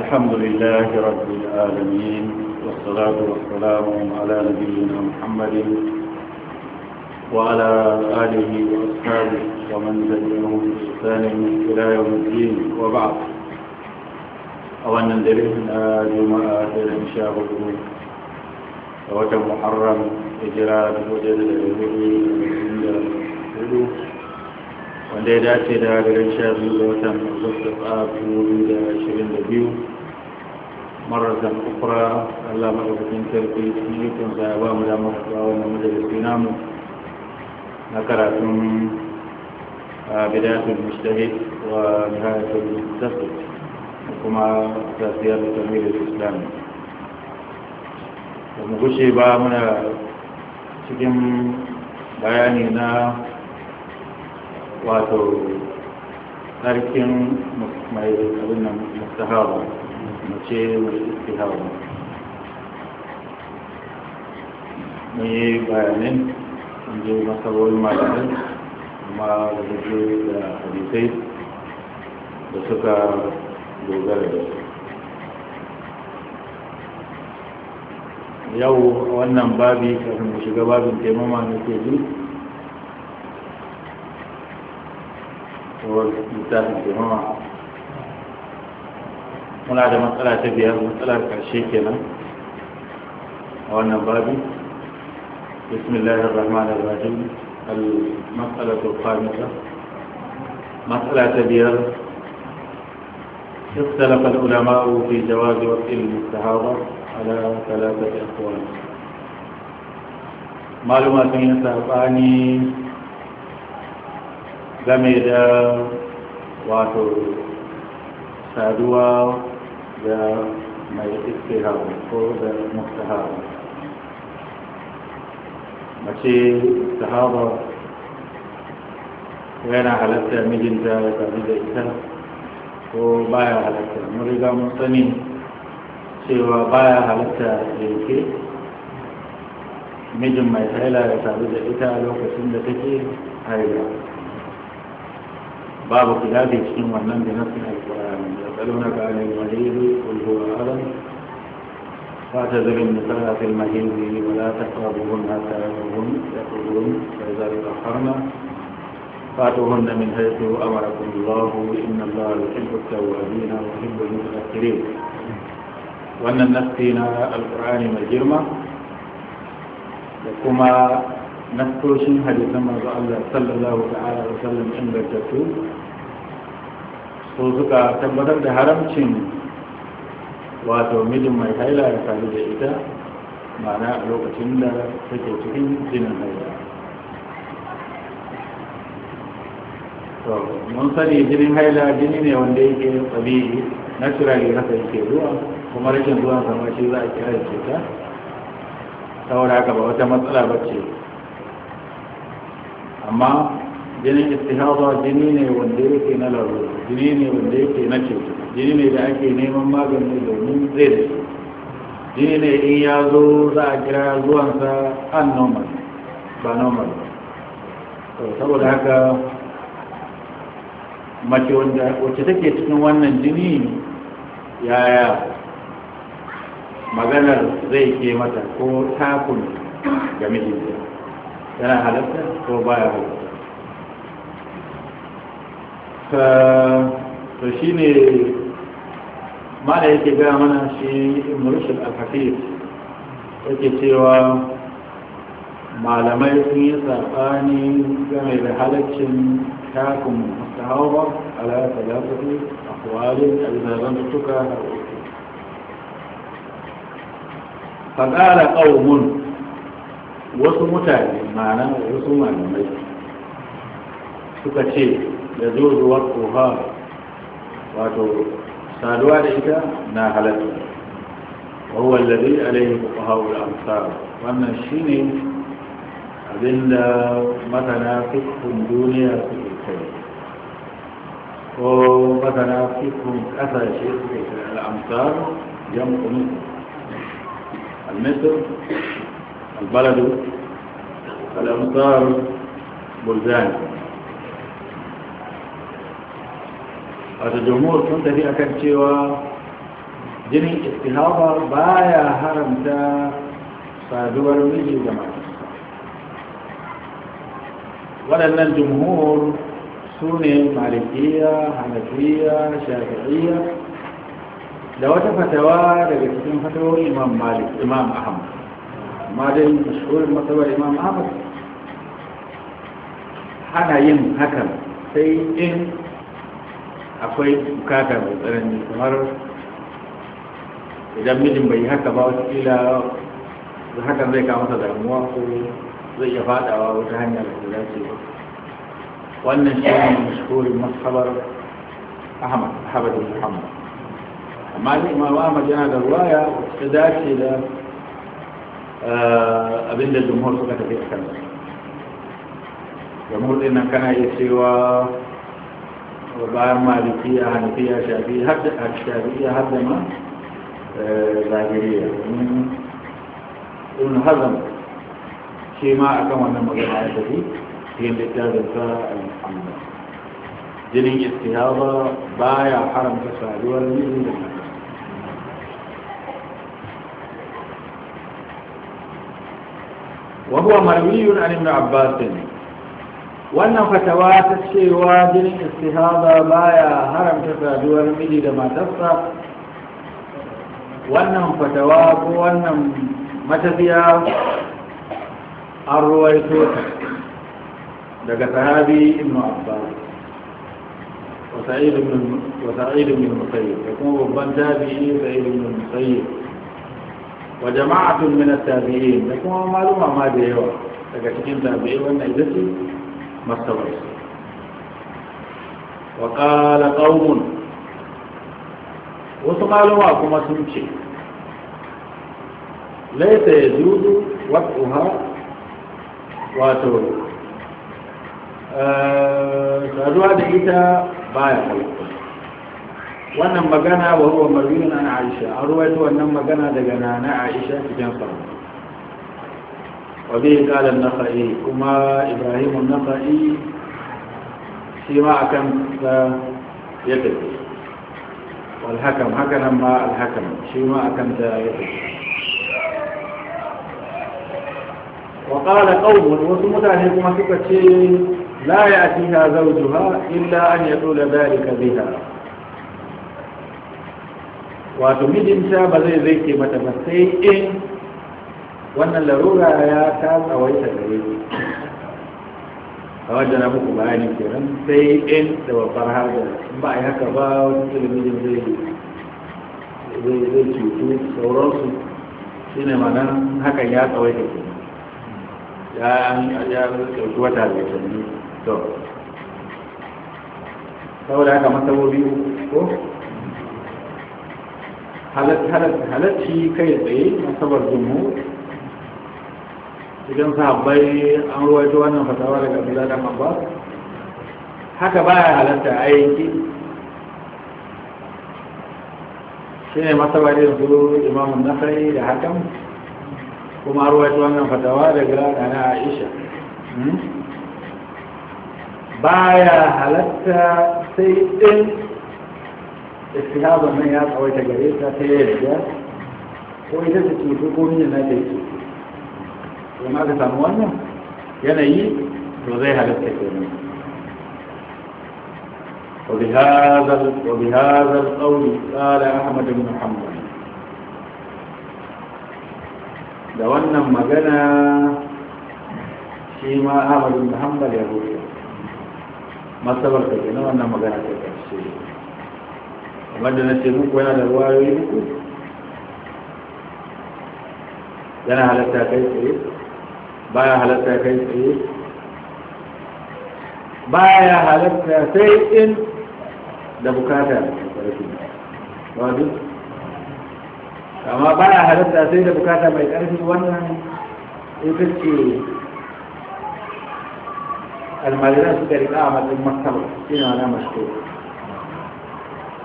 الحمد لله رب العالمين والصلاة والسلام على نبينا محمد وعلى آله وأصحابه ومن تبعهم بإحسان إلى يوم الدين وبعد أولا درسنا جمعة إن شاء الله وكم محرم إجراء الوجد الذي عند wanda ya dace da garin sha biyu da watan zuwa biyu biyu da ashirin da biyu marasan kufra allah maɗaukakin sarki cikin yakin sa ya ba mu damar kuwa wannan majalisi namu na karatun bidatun mustahid wa nihayatul mustahid kuma tafiyar da tamir islam da mu gushe ba muna cikin bayani na wato sarkin mai abin nan mustahawa mace mai hawa. mun yi bayanin mun je masarwar malamai amma da je da hadisai da suka dogara da yau wannan babi kafin mu shiga babin taimama na ke ji مسألة تبيها مسألة كالشيك وأنا بابي بسم الله الرحمن الرحيم المسألة القائمة مسألة تبيها اختلف العلماء في جواز وقت المستهارة على ثلاثة أقوال معلومات من سابقاني game da wato saduwa da mai istihawa ko da mustahawa mace sahaba yana halatta mijinta ya sami da ita ko baya halatta mun riga mun sani cewa baya halatta yanke mijin mai haila ya sami da ita lokacin da take haila باب خلاف يسلم من بنفسه القرآن يسألونك عن المهيب قل هو آدم فاعتذر من صلاه المهيب ولا تقربهن حتى يقربهن يقربهن فإذا تأخرن فاتوهن من حيث أمركم الله إن الله يحب التوابين ويحب المتأخرين وأن النفس القرآن مجرمة وكما nassoshin hadisan masu Allah sallallahu ta'ala wa sallam ingantattu su suka tabbatar da haramcin wato mijin mai haila ya sadu da ita mana a lokacin da take cikin jinin haila to mun sani jinin haila jini ne wanda yake tsabi'i naturally haka yake zuwa kuma rashin zuwa sama shi za a kira cuta saboda haka ba wata matsala ba ce amma jinin istihaza jini ne wanda yake na larura jini ne wanda yake na ce jini ne da ake neman magani domin zai da shi jini ne in ya zo za a kira zuwansa an normal ba normal ba saboda haka mace wanda wacce take cikin wannan jini yaya maganar zai ke mata ko takun ga mijinta yana halatta ko baya halatta ka to shi ne mana yake gaya mana shi murshid al-hafiz yake cewa malamai sun yi saɓani game da halaccin takun mustahawa ala talafati a kwalin alzazan tuka har uku faƙara ƙaunin wasu mutane ma'ana wasu malamai suka ce da zuwa ƙoha wato saduwa da ita na halatta wahuwa lalari alayhi ƙohawar amsar wannan shi ne abinda matana fikun duniya suke kai ko matana fikun ƙasashe suke kai al'amsar jam'unin المصر البلد الأمطار بلدان هذا الجمهور كنت في أكبتي و جني اتهابا بايا هرمتا صادوال ويجي جماعة ولأن الجمهور سوني مالكية حنفية شافعية لو تفتوى لقد فتوى إمام مالك إمام أحمد ما دين مشهور المطوى الإمام أحمد hana yin hakan sai in akwai bukatar mai tsanani kamar idan mijin bai haka ba wasu kila hakan zai kawo masa damuwa ko zai iya fadawa wata hanya da ta dace ba wannan shi ne mashhurin mashabar ahmad ahmad muhammad amma ni imam ahmad yana da ruwaya ta dace da abinda jumhur suka tafi a kansa يمر إن كان يسوى وبعد ما لقيا هنقيا شافي هد إن هذا شيء ما أكما من في الاتجاه الفاعل جنين استهابا بايا حرم كسفا دولي لنا وهو مروي عن ابن عباس wannan fatawa ta cewa jinin istihada baya haramta saduwar miji da matarsa wannan fatawa ko wannan matafiya an ruwaito daga sahabi ibn abbas وسعيد بن وسعيد بن المسيب يكون ربما تابعي سعيد بن المسيب وجماعة من التابعين يكون معلومة ما ديوا لكن تابعي وانا إذا mastawi wa qala qaumun wasu malama kuma sun ce laita ya juzu Wa wato saduwa da ita baya halittu wannan magana wa huwa marwiyun an aisha an ruwaito wannan magana daga nana aisha cikin faru. wabe kalan nafa'i kuma ibrahimun nafa'i shi ma a kan ya tafi walhakam hakanan ma alhakam shi ma a kan ta ya tafi وقال قوم وسمتها كما تكتشي لا an زوجها إلا أن يطول ذلك بها wato mijinta ba zai zai ke mata ba sai in wannan larura ya ta tsawaita gare ku a wajen na muku bayani kenan sai in da babbar hajar in ba a yi haka ba wani talabijin zai zai cutu sauransu shi ne manan hakan ya tsawaita kenan ya ɗauki wata da watanni to saboda haka matsaloli ko halarci kai tsaye masabar jumhur cikin sahabbai an ruwaito wannan fatawa daga abu dan abbas haka ya halatta a yanki shi ne masabarin su imamun nasari da hakan kuma ruwaito wannan fatawa daga dana aisha hmm? Ba ya halatta sai ɗin istihabar nan ya tsawaita gare ta ta yadda ko ita ta ce ko mijin na ta yi in aka samu wannan yanayi to zai halatta ke ne وبهذا القول قال da wannan magana shi ma ya rufe matsabar na wannan magana ta da na ce muku yana da ruwayoyi uku yana halatta kai tsaye baya halatta kai tsaye baya halatta sai in da bukata ƙarfi wadda amma baya halatta sai da bukata mai ƙarfi wannan ita ce almaliran suka riƙa a matsayin maktaba ina na wani mashi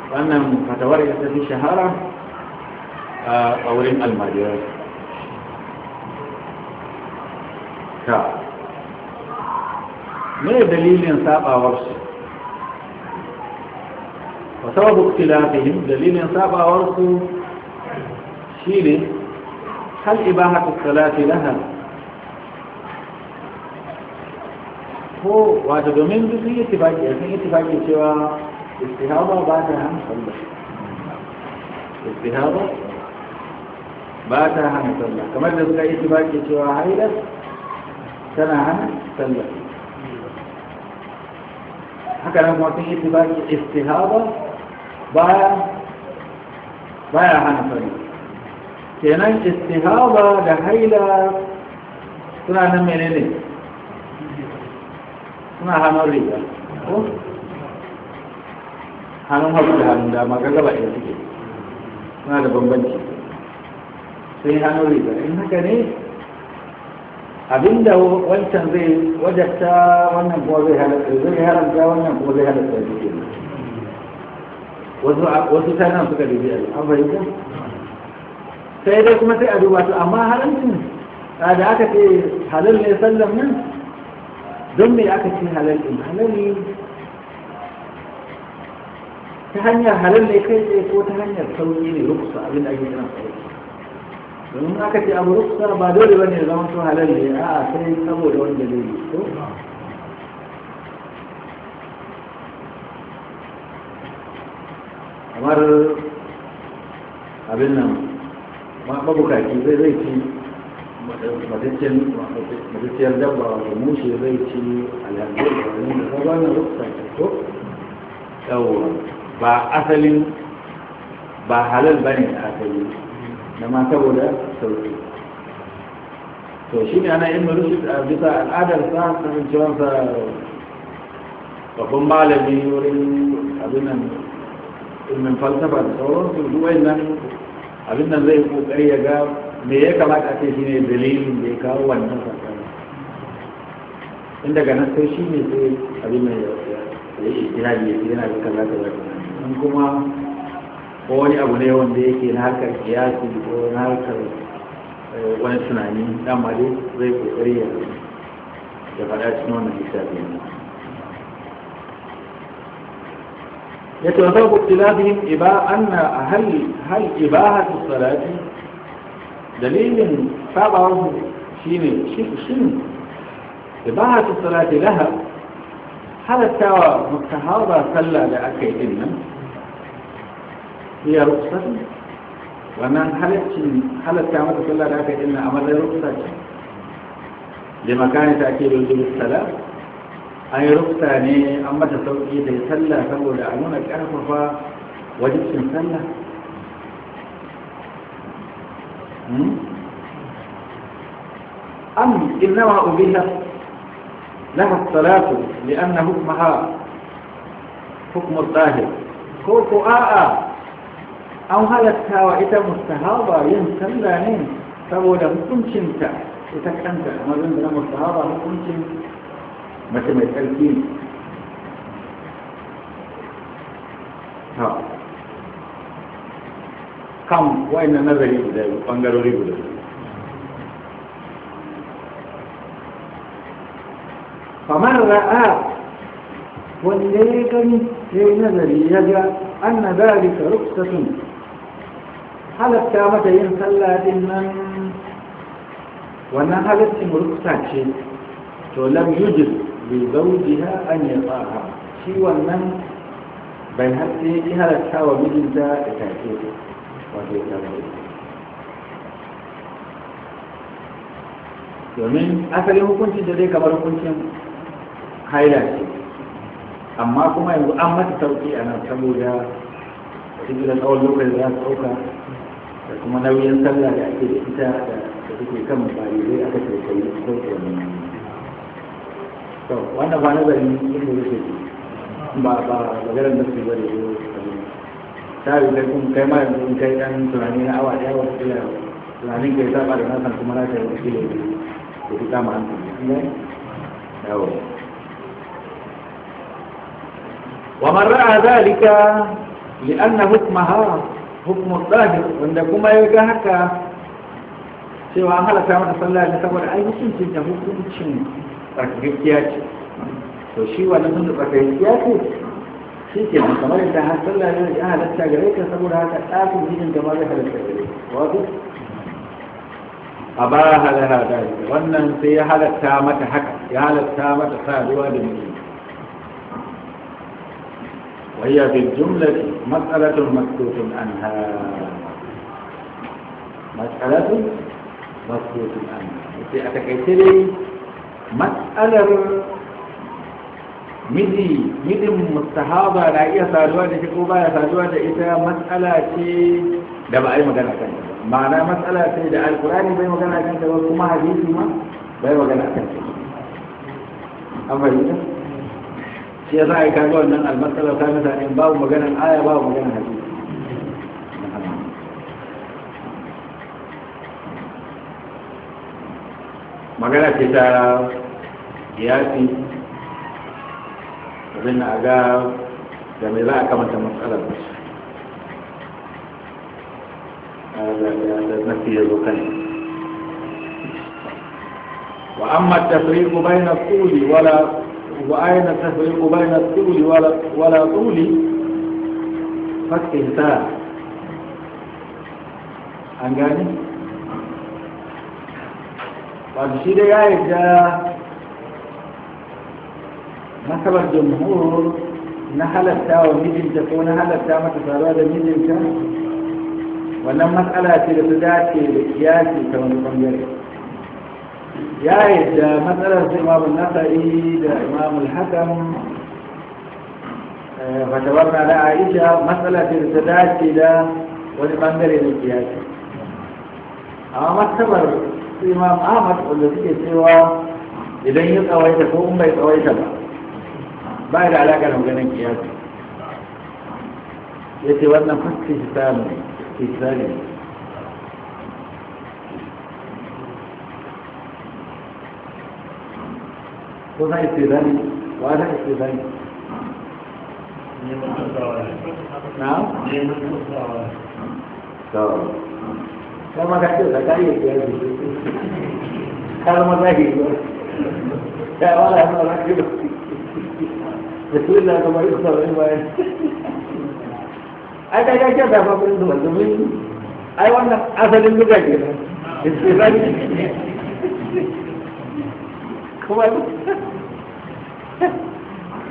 wannan fatawar ita fi shahara a wurin almaliran ta ne dalilin sabawarsu wa sababu ikhtilafihim dalilin sabawarsu shine hal ibahatu salati laha ko wato domin duk yi tifaki a kan tifaki cewa istihaba ba ta hana sallah istihaba ba ta hana sallah kamar da suka yi tifaki cewa hailas tana hana sallah haka nan kuma sun yi tibaki istihaba baya baya hana sallah kenan istihaba da haila suna nan menene suna hana riga ko hannun hagu da hannun dama ga gaba ɗaya suke suna da bambanci sai hannun riga in haka ne abinda wancan zai wajarta wannan kuma zai halatta zai haramta wannan kuma zai halatta da suke wasu ta nan suka dubi an fahimta sai dai kuma sai a duba su amma haramcin da aka ce halal ne sallan nan don me aka ce halal din halal ne ta hanyar halal ne kai tsaye ko ta hanyar sauri ne rukusa abin da ake kiran sauri domin aka ce abu ruksa ba dole bane ya zama to halal ne a sai saboda wanda zai yi to kamar abin nan mabukaci zai zai ci matacciyar dabba wato mushe zai ci alhamdulillah da wani ruksa ce to yawwa ba asalin ba halal bane a asali da ma saboda sauki to shi ne ana yin marushid a bisa al'adar sa kasancewansa babban malami wurin abin nan ilmin falsafa da sauransu duk nan abin nan zai kokari ya ga me ya kamata ce shi ne dalilin da ya kawo wannan sakari in daga nan sai shi ne sai abin nan ya yi ikirari ya yana da kaza kaza kuma ko wani abu ne wanda yake na harkar kiyasi ko na harkar wani tunani dama dai zai kokari ya ya faɗa cikin wannan lissafi ya ce wata buktilafihim iba anna hal hal ibahatu salati dalilin sabawar shine shin ibahatu salati laha halattawa mutahaba sallah da aka yi din هي رخصة ومن حلت حلت كامل كلها لك إن أمر رخصة لمكان تأكيد وجود الصلاة أي رخصة يعني أما تسوقي دي صلى فهو لعنونك أرفف وجب صلى أم إنما أبيها لها الصلاة لأن حكمها حكم الظاهر كوكو آآ آه. او هل التاوعد مستهابا يمكن لانين فهو لم تمشن تا يتكلم تا ما دون بنا مستهابا هم تمشن مثل ما يتألكين كم وين نظري بدأي وانقروري بدأي فمن رأى والليغن في نظري يجعل أن ذلك رخصة halatta mata yin sallah din nan wannan halittin ruksa ce to lam yujib bi zawjiha an yataha shi wannan bai hatta yake halatta wa mijinta da take wato ya domin asalin hukuncin da zai kamar hukuncin haila ce amma kuma yanzu an mata sauki a nan saboda cikin da tsawon lokacin za su ɗauka da kuma nauyin sallah da ake da ita da suke kan aka ce kai ko ke to wannan ba nazari yake ba ba da su da kai ma yanzu kai dan tunani na awa daya wasu kila tunanin kai saba da kuma na ne yawo ومن رأى ذلك لأن حكمها Hukumar zahir wanda kuma ya ga haka cewa an halatta mata sallah ne saboda ai hukuncin da hukuncin tsakakkiya ce to shi wannan sun da tsakakkiya ce shi ke nan kamar yadda har sallah ne ya halatta gare ka saboda haka ɗakin jinin da ma zai halatta gare ka wato a ba halatta wannan sai ya halatta mata haka ya halatta mata saduwa da mutum وهي بالجملة مسألة مسكوت عنها مسألة مسكوت عنها sai a takaice dai matsalar miji mijin mustahaba na iya saduwa da shi ko baya saduwa da ita matsala ce da ba a yi magana kan ta ma'ana matsala ce da alkurani bai magana kan ta ba kuma ma magana kan ta shi ya za a yi kaga wannan almasala ta mutane babu maganan aya babu maganan hadisi magana ce ta yafi abin a ga da mai za a kamata matsalar da nafi ya zo kan wa amma tafriqu bayna quli wala وأين تفرق بين الطول ولا طول فك التاء أنجاني بعد شيء يا إجا نحب الجمهور نحل التاء ومجل تكون نحل التاء ما تصار هذا مجل ولما مسألة تلتداتي لإحياتي كونكم يريد ya yadda matsalar su imamun nasa'i da imamul hakan eh, fatawar na da aisha matsala ce da ta dace da wani bangare na kiyasi amma matsalar su imam ahmad wanda suke cewa idan yi tsawaita ko in bai tsawaita ba ba da alaƙa da maganin kiyasi ya ce wannan fasta shi samu ne وضع استئذاني وأنا استئذاني نعم طب كما قلت لك أي استئذاني هذا ما ذاكي لا ولا هم ولا كده بسم الله كما يخسر الإيمان ai ta gaske da fa kun zuwa domin ai wannan asalin duka ke nan istifani kuma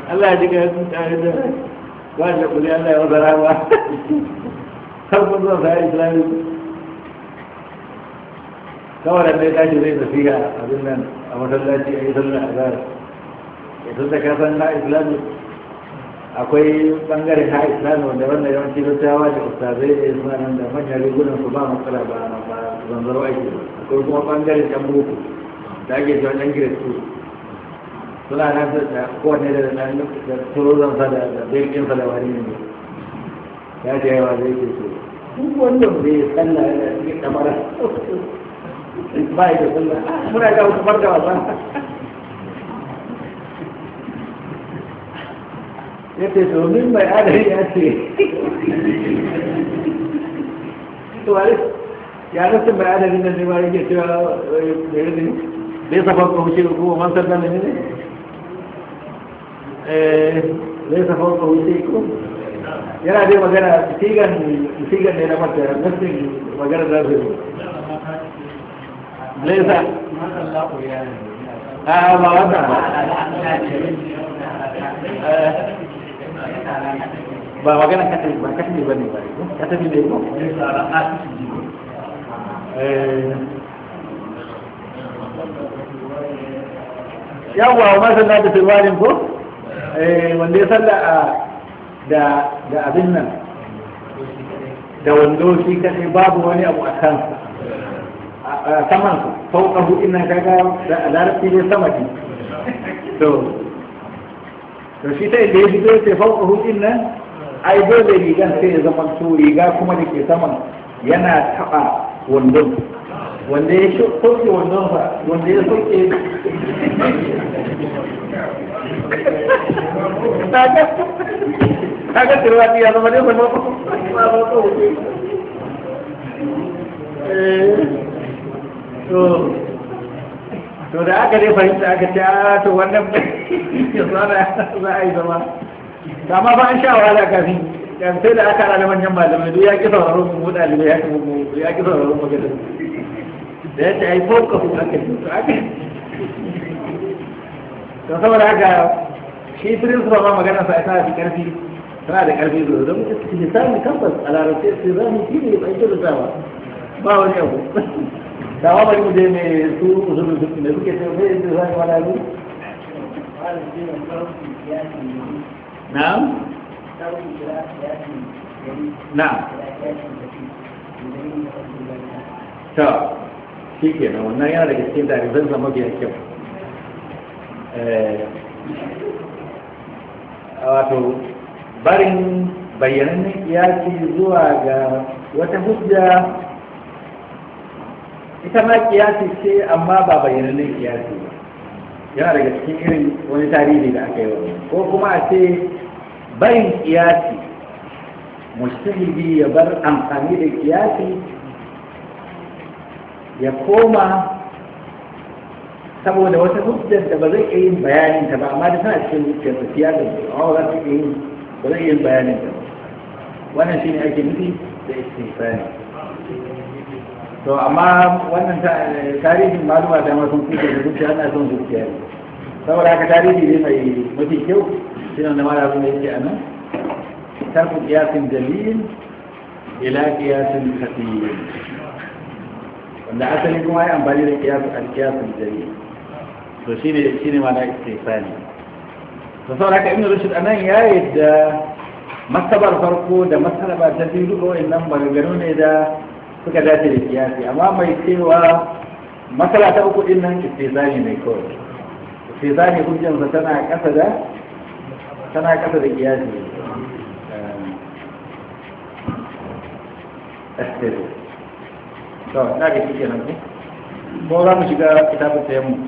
Allah ji ga sun tare da ba da kuli Allah ya zara ba har mun zo sai islami kawai da ya tashi zai tafi ga abin nan a masallaci a yi sallar azhar ya tun da kasan na islami akwai bangare ha islami wanda wannan yawanci tawa da ustazai da suna nan da manyan rigunan su ba matsala ba zanzarwa ake akwai kuma bangare can boko da ake jiwa yan su suna nan da kowane da nan da turozan sa da birkin sa da wani ne ya ce yawa zai ke so duk wanda bai tsalla da cikin kamar ba ya da tsalla ah, muna ga wasu farka wasa ya ce domin mai adari ya ce ya rasu mai adari da ne ma yake cewa eh, da ya bai safa kuma shi kuma man sallan ne ne Eh, laisa fauka wuce ko yana dai magana sigan ne na mata nufin magana da zai laisa a ah, ba wata ba eh, magana katabi ba katabi ba ne ba katabi ne ko eh. yawwa masana da tilwarin ko Eh, wanda ya salla a da abin nan da wando shi kadai babu wani abu a kansa a saman su fauka hu ina gaga da larabci ne sama ne to to shi ta da ya fito sai fauka hu ina ai dole rigan sai ya zama to riga kuma da ke saman yana taba wandon wanda ya soke wandon fa wanda ya soke kaga turwati ya zama dai ba eh, to to da aka dai fahimta aka ce a ah, to wannan ya tsara za a yi zama amma ba an sha wahala kafin yan sai da aka ala manyan malamai duk ya ki sauraro mu mu dalibai ya ki mu ya ki sauraro mu gidan da ya ce ai ko ku aka to aka to saboda haka shi principal ma magana sa ita da karfi tana da karfi da don hisabi tabbas a larabce sai za mu shine bai da dawa ba wani abu da wa bari mu je ne su usulul fiqh ne suke cewa bai da zai wala ne na'am na'am ta shi kenan wannan yana daga cikin da rizan zama biyan kyau eh, wato barin bayanan kiyasi zuwa ga wata hujja ita ma kiyasi ce amma ba bayanan kiyasi ba yana daga cikin irin wani tarihi da aka yi wani ko kuma a ce barin kiyasi mustahidi ya bar amfani da kiyasi ya koma saboda wata hujjar da ba zai iya yin bayanin ta ba amma da tana cikin zuciyar ta fiya da ba za ta iya yin ba zai iya yin bayanin ta wannan shi ne ake nufi da istifani to amma wannan tarihin maluma da sun fi da zuciya ana son zuciya ne saboda haka tarihi ne mai mafi kyau shi ne mara sun da yake a nan tarku kiyasin dalilin ila kiyasin khatiyin wanda asali kuma ya ambali da kiyasin alkiyasin dalilin to shi ne shi ne mana istifani to saboda haka ibn rushd anan ya yadda masabar farko da masaraba ta biyu duka wayannan maganganu ne da suka dace da kiyasi amma mai cewa masala ta uku din nan istifani ne kawai istifani hujjansa tana kasa da tana kasa da kiyasi أستاذ. طيب، نعم كده نعم. مولانا شجاع كتاب التيمم.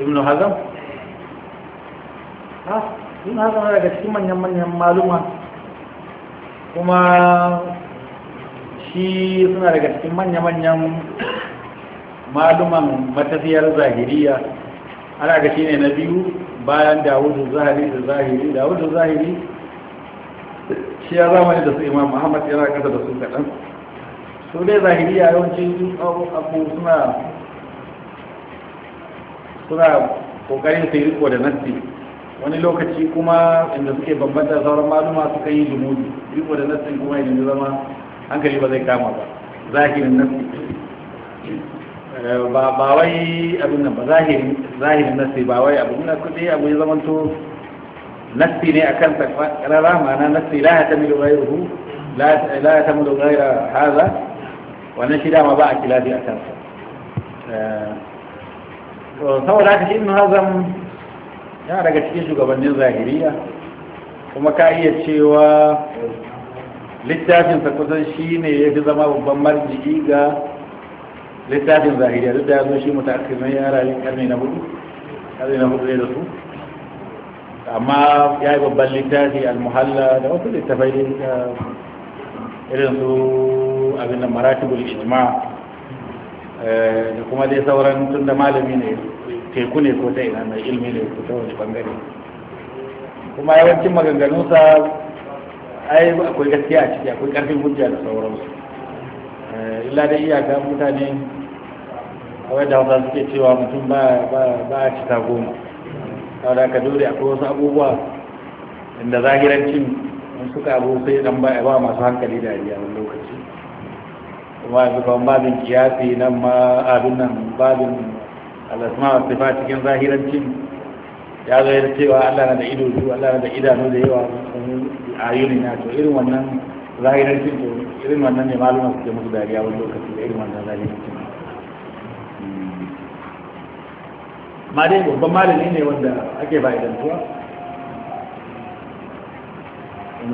ibn hazam ha ibn hazam daga cikin manyan-manyan maluma kuma shi suna daga cikin manya-manyan maluman matafiyar zahiriya ana ga shi ne na biyu bayan dawudu zahiri da zahiri dawudu zahiri shi ya zamani da su imam muhammad yana kasa da su kaɗan su dai zahiriya yawancin abu suna suna kokarin su yi riko da nassi wani lokaci kuma inda suke bambanta sauran maluma kan yi jumudi riko da nassi kuma idan zama hankali ba zai kama ba zahirin nassi eh, ba ba wai abin nan ba zahirin zahirin nassi ba wai abin nan kudi abu ya zama to nassi ne akan kan ma'ana nassi la ya tamilu ghayruhu la ya tamilu ghayra hadha wannan shi dama ba a kilafi akan sa eh, saboda haka shi hazm ya daga cikin shugabannin zahiriya kuma ka iya cewa littafinsa kusan shi ne ya fi zama babban marjiki ga littafin zahiriya duk da ya zo shi mutu aka mai yara yin karni na hudu karni na hudu da su amma ya yi babban littafi almuhalla da wasu littafai irin su abin da maratibul ijma'a Eh, da kuma dai sauran tun da malami ne teku ne ko ta ina mai ilmi ne ko ta wani bangare kuma yawancin maganganunsa ai akwai gaskiya a ciki akwai karfin hujja da sauransu eh, illa da iyaka mutane a wadda hausa suke cewa mutum ba a cita goma saboda ka dole akwai wasu abubuwa inda zahirancin suka abu sai dan ba masu hankali dariya wani lokaci kuma yanzu kan babin kiyasi nan ma abin nan babin alasma a tafa cikin zahirancin ya zo cewa Allah na da ido su Allah na da idanu da yawa a yuni na to irin wannan zahirancin to irin wannan ne maluma ke musu dariya wani lokaci da irin wannan zahirancin hmm. ma dai babban malami ne wanda ake ba tuwa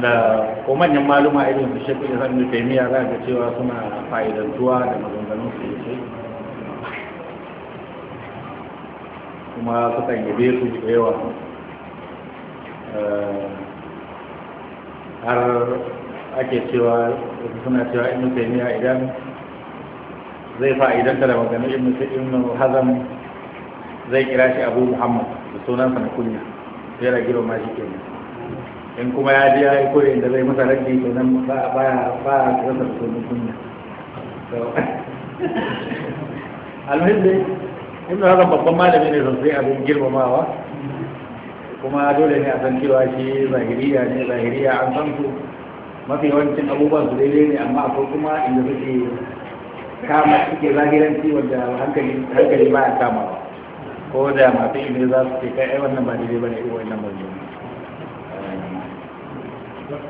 da ko manyan maluma irin su shekul islam da taimiyya za ga cewa suna fa'idantuwa da maganganun su yake kuma sukan yabe su da yawa eh, har ake cewa suna cewa inu taimiyya idan zai fa'idanta da maganin inu ibn hazam zai kira shi abu muhammad da sunansa na kunya sai da girma shi kenan in kuma ya ji ya yi koyi da zai masa rage ke nan ba ba ba rasa sunan kunya alhamdulillah dai in da babban malami ne sosai abin girmamawa kuma dole ne a san cewa shi zahiriya ne zahiriya an san su mafi yawancin abubuwan su daidai ne amma akwai kuma inda suke kama suke zahiranci wanda hankali hankali ba ya kamawa ko da masu ilimi za su ce kai wannan ba daidai ba ne irin wannan ba ne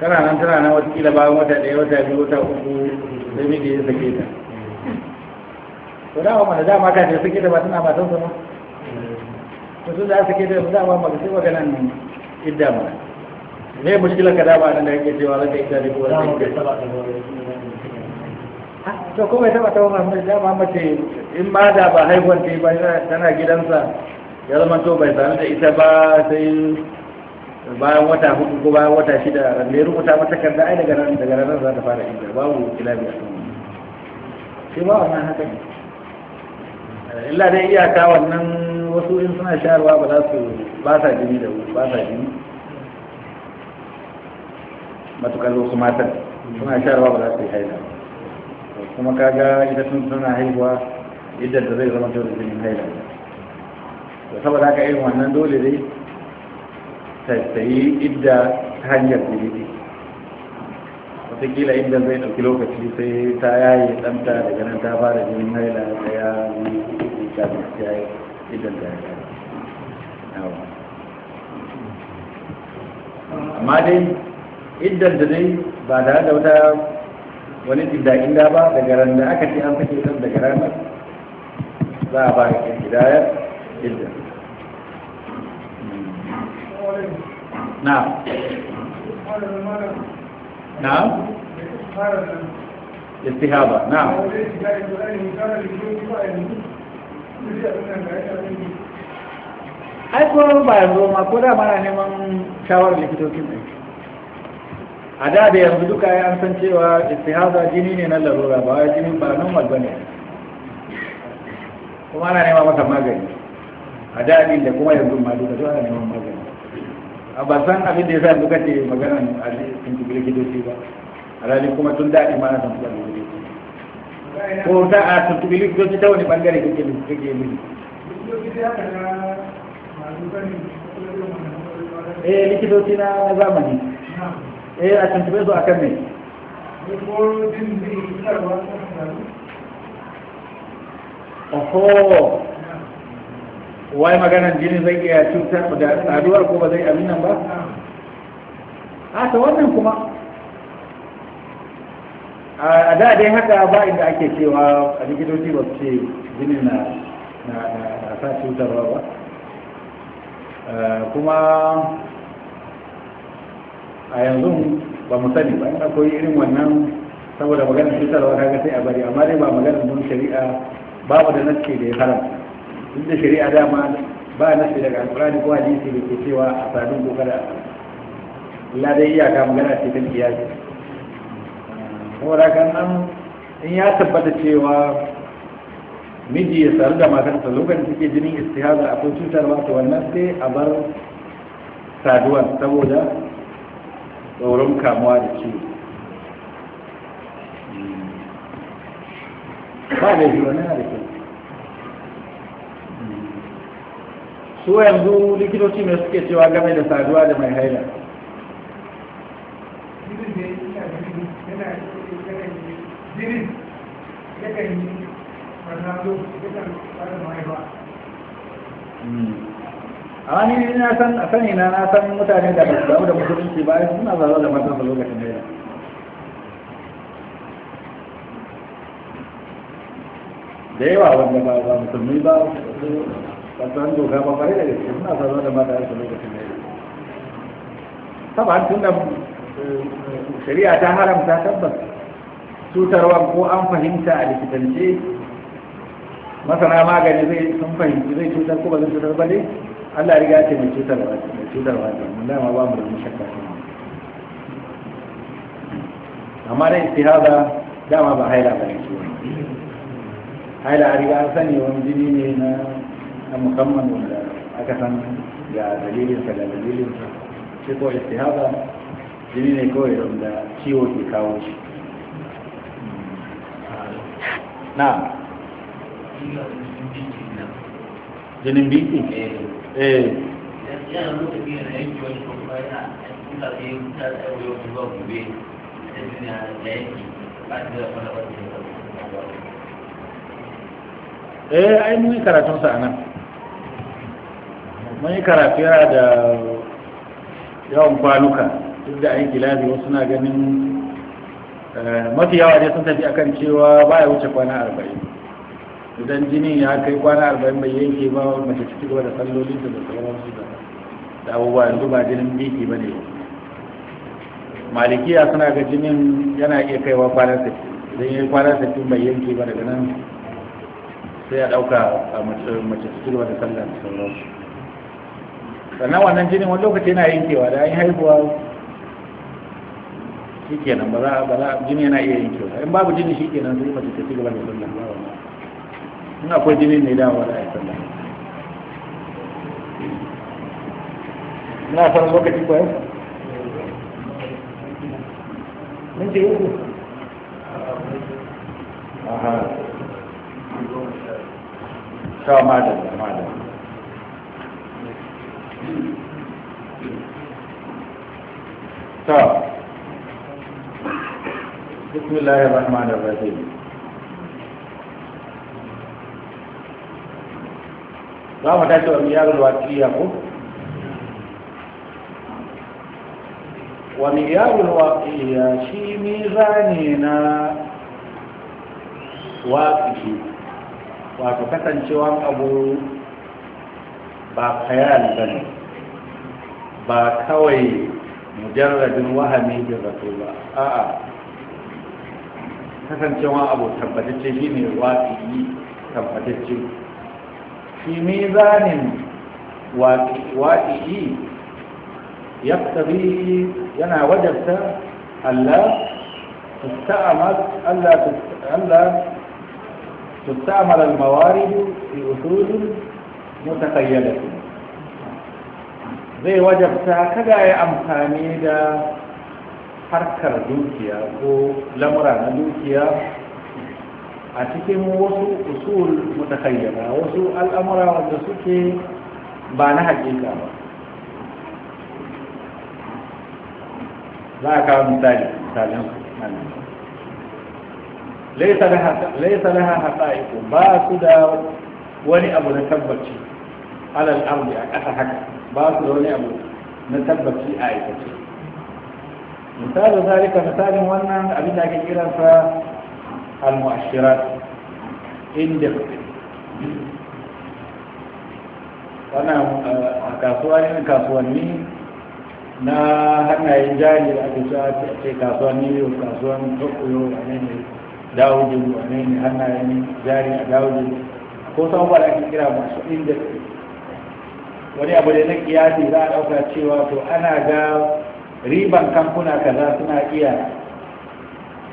tana nan tana nan watakila bayan wata ɗaya wata biyu wata uku da miji ya sake ta to dama mana dama ka ta sake ta ba tana matan sama to su da sake ta ba dama maka sai maganan nan idda mana me mushkilar kada ba nan da yake cewa ta idda ne ko wani to ko ta taba tawo mai ma mace in ma da ba haihuwar ta ba tana gidansa ya zama to bai sami da ita ba sai bayan wata hudu ko bayan wata shida mai rubuta mata da ai daga nan daga nan za ta fara inda babu kilabi a kan sai ba wannan haka ne illa dai iyaka wannan wasu in suna shayarwa ba za su ba sa jini da ba sa jini matukar wasu matan suna shayarwa ba za su yi haila kuma kaga ita sun suna haihuwa yadda da zai zama dole jinin haila saboda haka irin wannan dole dai ta yi idda ta hanyar biridi watakila inda zai ɗauki lokaci sai ta yaye ɗanta daga nan ta fara jirgin haila ta ya yi ya yi idda ta yawa amma dai iddan da dai ba da haɗa wata wani idda da ba daga ran da aka ce an sake kan daga ranar za a ba ka kidayar idan. na na istihaba na ai ko ba yanzu ma ko da mana neman shawarar likitokin ne a da da yanzu duka ya san cewa istihaza jini ne na larura ba jini ba nan ba ne kuma ana nema masa magani a da da kuma yanzu ma duka zuwa neman magani a ba san abin da ya sa duka ce maganan a tuntubi likitoci ba alhali kuma tun daɗi ma na da likitoci ko ta a tuntubi likitoci ta wani bangare kake kake mini eh likitoci na zamani eh a tuntube su akan ne oho wai maganan jini zai iya cutar da saduwar ko ba zai abin nan ba a ta wannan kuma a da dai haka ba inda ake cewa a likitoci ba su ce jini na sa cutarwa ba kuma a yanzu ba mu sani ba ina koyi irin wannan saboda maganar cutarwa kaga sai a bari amma dai ba maganar mun shari'a babu da naske da ya haramta inda da shari'a dama ba nasi daga alkurani ko hadisi da ke cewa a sadun ko kada la dai ka magana ce ta ko da kan nan in ya tabbata cewa miji ya saru da matarsa lokacin suke jinin istihaza akwai cutarwa to wannan sai a bar saduwa saboda tsoron kamuwa da ciwo ba da shi wannan da to yanzu likitoci ne suke cewa game da saduwa da mai haila hmm. a wani na san sani na na san mutane da basu da musulunci ba suna zaro da matan su lokacin daya da yawa wanda ba musulmi ba su kasuwan doka ba kwarai da gaske suna zama da mata yansu lokacin da saboda tun da eh, shari'a ta haramta tabbas cutarwa ko an fahimta a likitance masana magani zai sun fahimci zai cutar ko ba zai cutar ba ne? Allah ya riga ce mai cutar ba cutarwa mai cutarwa ne mun dama ba mu da shakka shi amma dai istihaza dama ba haila ba ne haila a riga an sani wani jini ne na na musamman wanda aka san ga dalilinsa dalilinsa sai ko istihaba jini ne kawai wanda ciwo ke kawo shi na jinin biki eh, eh. mun yi karatu yana da yawan kwanuka duk da an gilazi wasu na ganin eh, mafi yawa dai sun tafi akan cewa ba ya wuce kwana arba'in idan jini ya kai kwana arba'in bai yanke ba mace ciki ba da sallolin da sauransu da da abubuwa yanzu ba jinin biki ba ne malikiya suna ga jinin yana iya kaiwa kwana tafi, idan ya yi kwana sittin bai yanke ba daga nan sai ya ɗauka a mace ciki ba da sallar da su sannan wannan jinin wani lokaci yana yankewa da an haihuwa shi kenan ba za a bala jini yana iya yankewa in babu jini shi kenan zai mace ta ci gaba da sallah ba wannan in akwai jini ne da wa za a yi sallah lokaci ko yau mun ce yau aha Sha madalla madalla ta bismillahir rahmanir rahim za mu tashi wa miyarul waqiya ko wa miyarul waqiya shi mizani na waqi wato kasancewan abu ba khayal bane ba kawai mujarradin wahami da zato ba a a kasancewa abu tabbatacce shi ne waƙi tabbatacce shi ne zanin waƙi ya tabi yana wajarta Allah tutta تستعمل الموارد في أصول متخيلة zai wajabta kada ya amfani da harkar dukiya ko lamura na dukiya a cikin wasu usul mutakayyana wasu al'amura wanda suke ba na hakika ba za a kawo misali misalin laisa laha hatsa'iku ba su da wani abu na tabbaci alal a ƙasa haka ba su da wani abu na tabbaci a aikace misalin zarika misalin wannan abin da ake kiransa al-mu'ashirat index wannan a na kasuwanni na hannayen jari da ake cewa ce kasuwanni yau kasuwan tokoyo a ne ne dawo jiru a ne ne hannayen jari a dawo jiru ko san da ake kira masu inda wani abu da na kiyasi za a ɗauka cewa to ana ga riban kamfuna kaza suna iya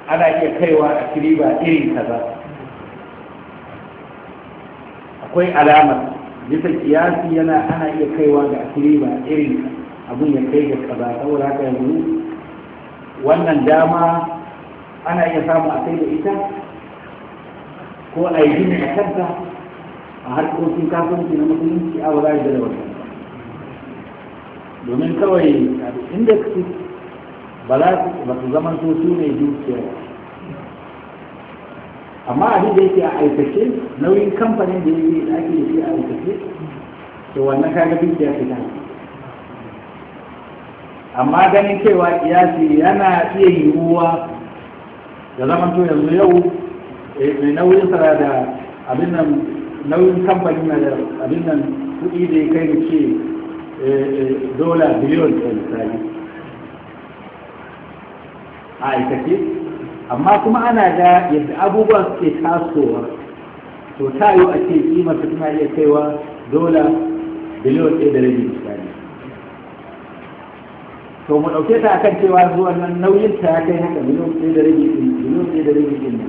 ana iya kaiwa a riba irin kaza akwai alamar bisa kiyasi yana ana iya kaiwa ga riba irin abun ya kai ga kaza saboda haka yanzu wannan dama ana iya samu a kai da ita ko a yi gini a kanta a harkokin kasuwanci na musulunci a wala da wata domin kawai inda su ba ba su zaman so su ne dukiyar amma abin da yake a aikace nauyin kamfanin da yake da ake yake a aikace to wannan kaga dukiya ce ta amma ganin cewa kiyasi yana iya yiwuwa da zaman to yanzu yau eh, mai nauyin sara da abin nan nauyin kamfani na da abin nan kuɗi da ya kai ce eh, eh, dola biliyon da misali a aikace amma kuma ana ga yadda abubuwan suke tasowa to ta yi a ce kimar su tana iya kaiwa dola biliyon ɗaya da rabi misali to mu ɗauke ta akan cewa zuwa nan nauyin ta ya kai haka biliyon ɗaya da rabi biliyon ɗaya da rabi ɗin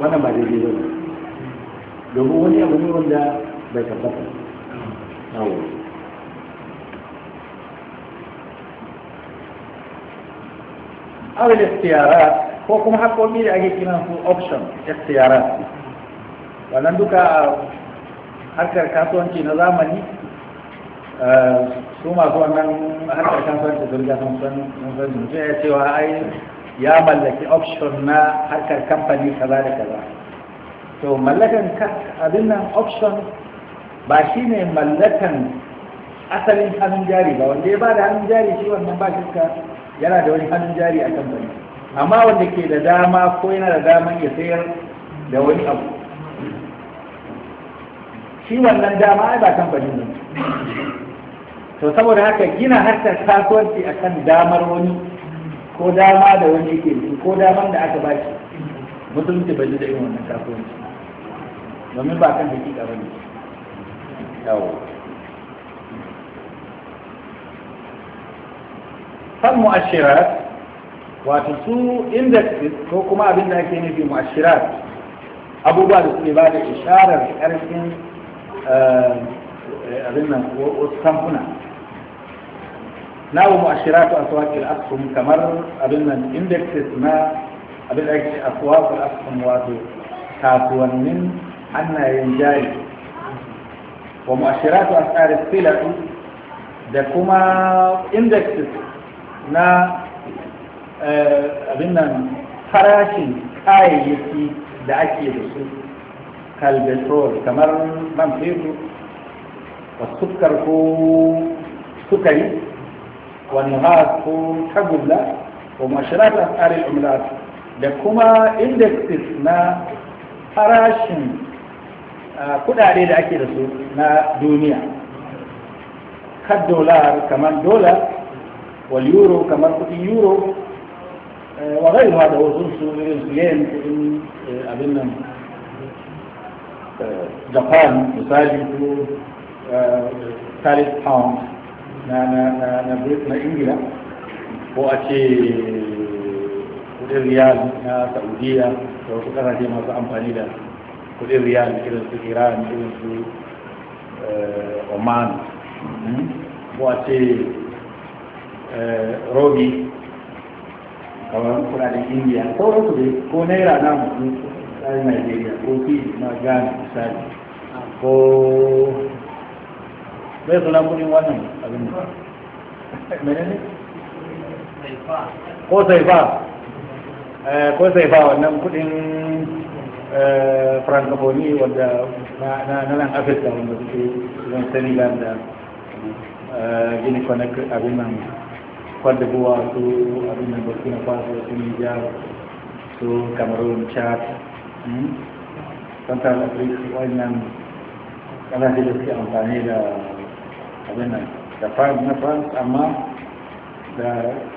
wannan ba daidai ba ne domin wani abu ne wanda bai tabbata أو الاختيارات ko kuma haƙoƙi da ake kiran su option ikhtiyara wannan duka a harkar kasuwanci na zamani eh, su masu wannan harkar kasuwanci sun ga sun san mutum ya cewa ai ya mallaki option na harkar kamfani kaza da kaza to mallakan abin nan option ba shi ne mallakan asalin hannun jari ba wanda ya ba da hannun jari shi wannan ba shakka yana da wani hannun jari a kan amma wanda ke da dama ko yana da daman ya sayar da wani abu shi wannan dama ai ba kamfanin ne to saboda haka gina harkar kasuwanci akan damar wani ko dama da wani ke, ko damar da aka ba shi ke bai da irin wannan kasuwanci domin ba kan hakika ba ne yawo san mu'ashirat wato su inda ko kuma abin da ake nufi mu'ashirat abubuwa da suke ba da isharar ƙarfin abin nan ko kamfuna nawo mu'ashiratu aswaqil asfum kamar abin nan indexes na abin da ake aswaqil asfum wato kasuwannin hannayen jari wa mu'ashiratu asar silatu da kuma indexes na eh, abin nan farashin kayayyaki da ake da su kalbetrol kamar man fetur wa sukar ko sukari wa nuhas ko tagulla wa mashirat asar umlat da kuma indexes na farashin kudade da ake da su na duniya kad dolar kamar dolar wal euro kamar kudin euro eh, wa gairuwa da wasu su irin su yen kudin eh, abin nan eh, japan misali ko talis pound na na na na na ingila ko a ce kudin riyal na saudiya da wasu kasashe masu amfani da kudin riyal irin su iran irin su eh, oman hmm? ko a ce eh, robi kamar kudaden indiya sauran su dai ko naira na mutum tsarin nigeria ko fiji na ghana misali ko bai suna kudin wannan abin da menene ko saifa eh, ko saifa wannan kudin francophonie eh, wanda na nan afirka wanda suke don senegal da gini kwanak abin nan kwadabuwa su abin nan burkina pas su nijar su cameroon chad central hmm? africa wannan kasashe da suke amfani da abin nan da france na france sama da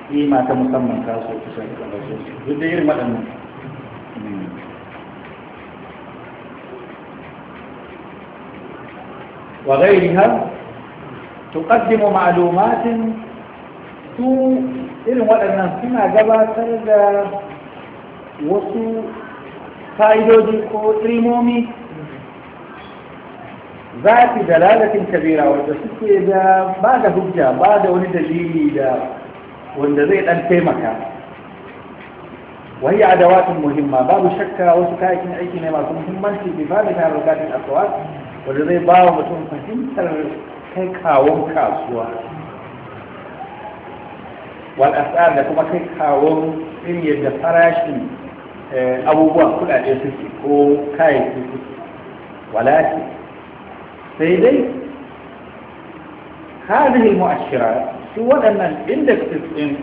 kima ta musamman kasu kusan kasashe duk da irin hmm. waɗannan وغيرها تقدم معلومات تو إلو أن فيما جبا تلقى وصو فايدودي كو إلمومي ذات دلالة كبيرة وتسكت إذا بعد هجة بعد ولد جيدة ولد زيت أن تيمكا وهي أدوات مهمة باب شكا وسكايك نعيك نعيك نعيك نعيك نعيك نعيك نعيك wanda zai ba wa mutum fahimtar kai kawon kasuwa wal asar da kuma kai kawon irin yadda farashin eh, abubuwan kudade suke ko kayayyaki suke walaki sai dai hadhihi mu'ashira su waɗannan indexes din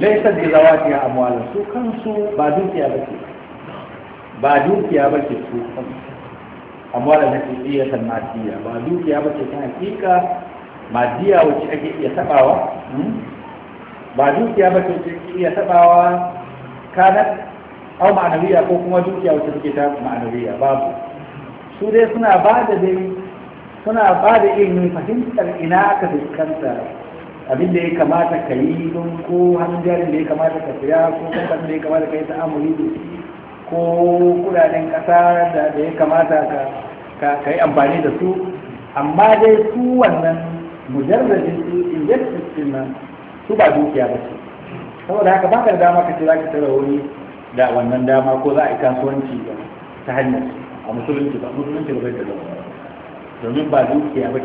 laysa bi zawatiha amwal su kansu ba dukiya ba ke, ba dukiya ba ke su kansu amma da nake iya san madiya ba dukiya ba ce ta hakika madiya wacce ake iya sabawa hmm? ba dukiya ba ce ake iya sabawa kana au ma'anawiya ko kuma dukiya wacce take ta ma'anawiya babu su dai suna ba da dai suna ba da ilimin fahimtar ina aka fuskanta abin da ya kamata ka yi don ko hannun jarin da ya kamata ka siya ko kamfanin da ya kamata ka yi ta'amuli da shi ko kudaden ƙasa da ya kamata ka yi amfani da su amma dai su wannan mujarradin su investment din nan su ba dukiya ba ce saboda haka baka da dama ka ce za ka tara wuri da wannan dama ko za a yi kasuwanci ta hanyar a musulunci ba musulunci ba zai da zama domin ba dukiya ba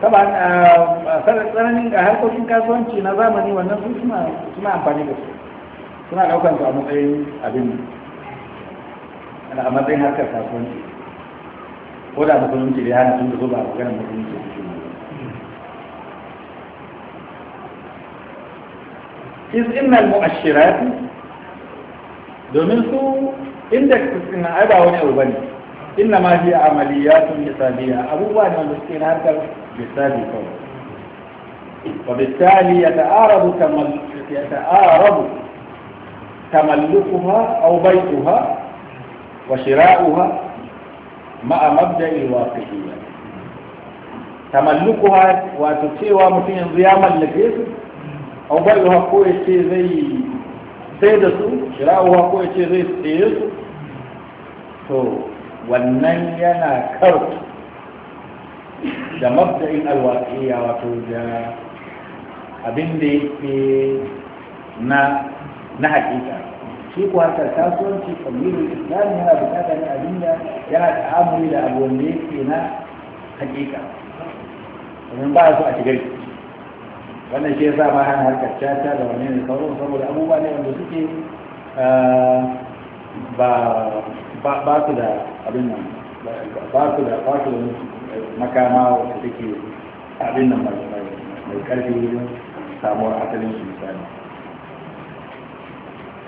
ke ba a tsananin harkokin kasuwanci na zamani wannan su suna amfani da su suna daukan su a matsayin abin ana a matsayin harkar kasuwanci ko da musulunci da hana sun da zuba a maganar musulunci is innal mu'ashirat domin su index din ai ba wani abu bane inna ma hiya amaliyatun hisabiya abubuwa ne wanda suke na harkar hisabi kawai وبالتالي يتعارض كما يتعارض تملكها أو بيعها وشراؤها مع مبدأ الواقعية تملكها وتتسوى متين ضياما لكيس أو بيعها قوة شيء زي سيدة شراؤها قوة شيء زي سيدة تو wannan yana karki da mabda'in alwaƙiya wato da abin da yake na na hakika shi kuwa harkar kasuwanci kabilin islami yana bukatar ne abin da yana ta'amuli da abu wanda yake na hakika domin ba su a shigar wannan shi sa ma hana harkar caca da wani ne sauran saboda abubuwa ne wanda suke ah, ba su da abin nan ba su da ba su da makama wanda suke abin nan mai karfi samuwar asalin shi misali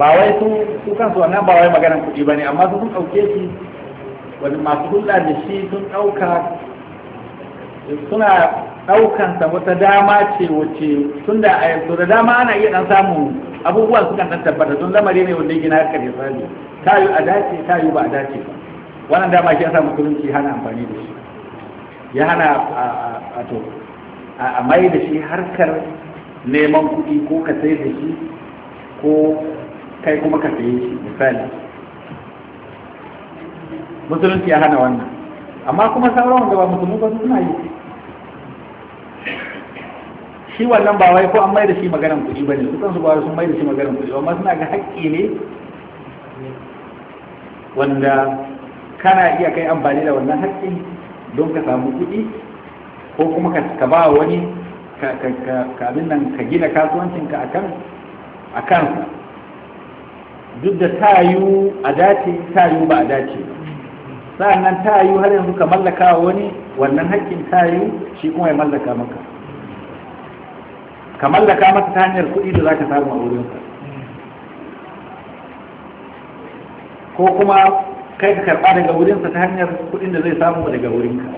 ba wai su su kansu wannan ba wai maganar kuɗi ba ne amma su sun ɗauke shi wani masu hulɗa da shi sun ɗauka suna ɗaukan sa wata dama ce wace tun da a yanzu da dama ana iya ɗan samun abubuwan sukan ɗan tabbata tun lamari ne wanda gina harkar ya sani ta yi a dace ta yi ba a dace ba wannan dama shi ya sa musulunci hana amfani da shi ya hana a to a mai da shi harkar neman kuɗi ko ka sai da shi ko kai kuma ka saye shi misali musulunci ya hana wannan amma kuma sauran gaba ba musulmi ba suna yi shi wannan ba wai ko an mai da shi maganar kuɗi ba ne su kansu ba sun mai da shi maganar kuɗi amma suna ga haƙƙi ne wanda kana iya kai amfani da wannan haƙƙi don ka samu kuɗi ko kuma ka ba wani ka abin nan ka gina kasuwancinka kan su? duk da ta yiwu a dace ta yiwu ba a dace sa'annan ta yiwu har yanzu ka mallaka wani wannan haƙƙin ta yiwu shi kuma ya mallaka maka ka mallaka masa ta hanyar kuɗi da za ka samu a wurinsa ko kuma kai ka karɓa daga wurinsa ta hanyar kuɗin da zai samu daga wurinka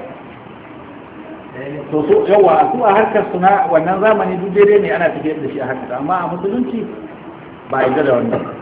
to so yawa su a harkar suna wannan zamani duk daidai ne ana tafiyar da shi a harkar amma a musulunci ba a yi da wannan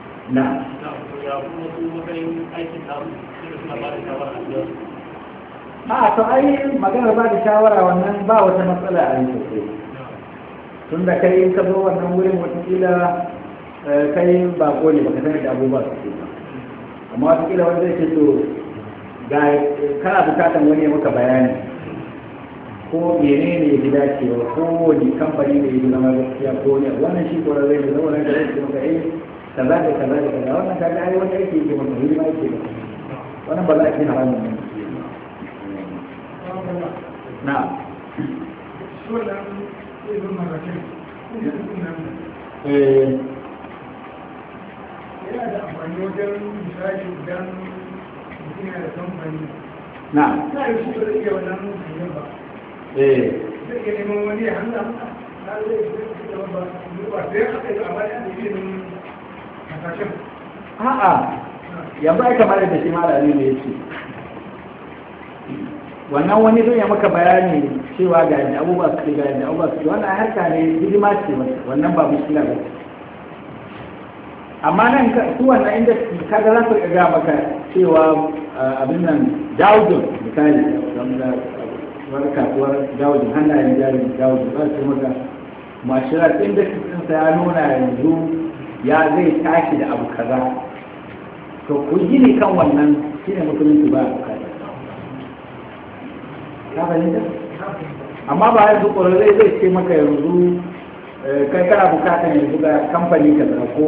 na a to ai magana ba da shawara wannan ba wata matsala a yanzu tun da kai ka zo wannan wurin watakila kai ba ko ne baka sani da abubuwa su ba amma watakila wanda zai ce to ga kana bukatan wani ya maka bayani ko mene ne ya dacewa ko wani kamfani da ya zama gaskiya ko ne wannan shi ko zai zama wannan da zai ce maka eh kaza da kaza da kaza wannan kaga ai wani aiki yake maka yi ma yake wannan ba za a ce na ramin ne na eh yana da amfani wajen misali idan mutum yana da kamfani na Na yi shi ba zai iya wannan mutum ba eh zai iya neman wani ya hannu ba zai iya neman ba sai aka yi a bayan da ilimin a'a yanzu aka mara da shi malami ne wannan wani zai maka bayani cewa ga yadda abubuwa su ga yadda abubuwa su wannan harka ne hidima ce wannan ba mushkila ba amma nan su wannan inda kaga za su ga maka cewa abin nan daudin misali wani kasuwar daudin hannayen jari daudin za su maka mashirar inda sun ya nuna yanzu ya zai tashi da abu kaza to ku gini kan wannan shi ne mutumin ba a kaza ka ta? amma ba yanzu ƙwararre zai ce maka yanzu eh, kai kana bukata yanzu ga kamfani eh, ka ko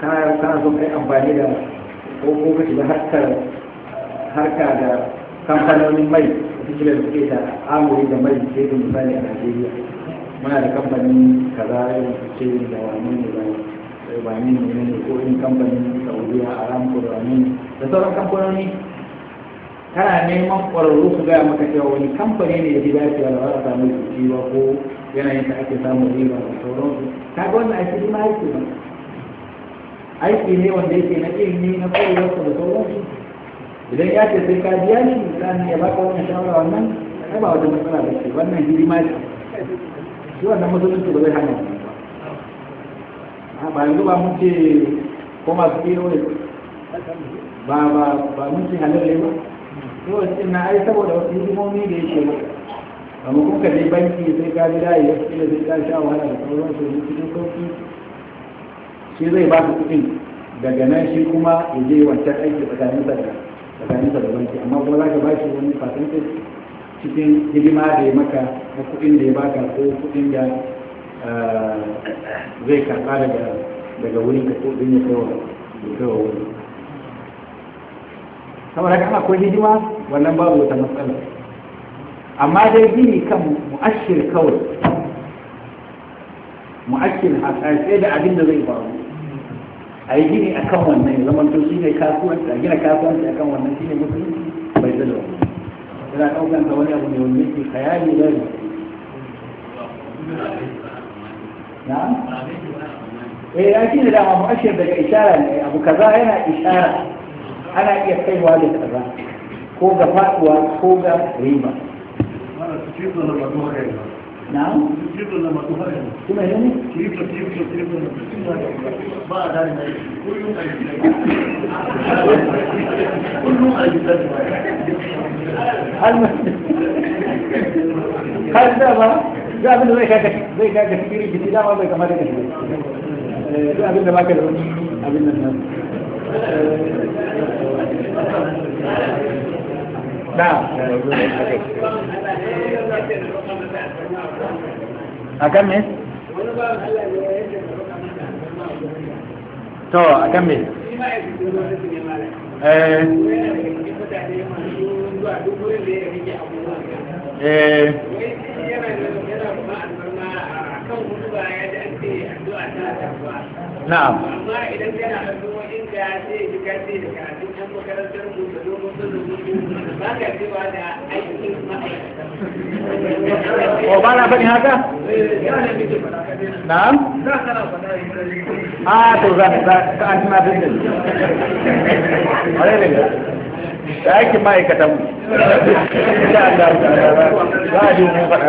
kana son kai amfani da ko ko ka shiga harkar harka da kamfanonin mai da suke da amuri da mai ke da misali a Najeriya muna da kamfanin kaza irin su ce da wani ne da eh, wani ne ne ko in kamfanin saudiya aramco da wani ne da sauran kamfanoni kana neman ƙwararru su gaya maka cewa wani kamfani ne ya fi dacewa da ba samu rikici ba ko yanayin da ake samun riba da sauransu kaga wannan aiki ma aiki ba aiki ne wanda yake na ilimi na ƙwararru da sauransu idan ya ce sai ka biya ne misali ya baka wannan shawara wannan ba wata matsala da ce wannan hidima ce shi wannan musulunci ba zai hana ba ba yanzu ba mun ce ko masu kero ne ba ba ba mun ce ne ba to cikin na ai saboda wasu hidimomi da yake ba ba mu kuka je banki sai ka ji dai wasu kila sai ka sha wahala da sauran su cikin sauki shi zai ba ka kuɗin daga nan shi kuma ya je wancan aiki tsakaninsa da tsakaninsa da banki amma kuma za ka ba shi wani fasantin cikin hidima da ya maka na kuɗin da ya baka ko kuɗin da ah, zai karɓa daga daga wurin ka ko ya kawo ya kawo wuri saboda kama akwai hidima wannan babu wata matsala amma dai gini kan mu'ashir kawai mu'ashir hasashe da abin da zai faru a yi gini akan wannan ya to shi ne kasuwanci a gina kasuwanci akan wannan shi ne musulunci bai zama yana ɗaukan ta wani abu ne wanda yake khayali da ne na eh ya shi da dama mu'ashir daga ishara ne abu kaza yana ishara ana iya kaiwa da kaza ko ga faɗuwa ko ga riba na'am kirifto na masu na a dare a a kan to a eh eh na'am ba na bani haka na'am a ah, to za ka an tuna bin ne da aikin ma'aikatan mu za a ji mu faɗa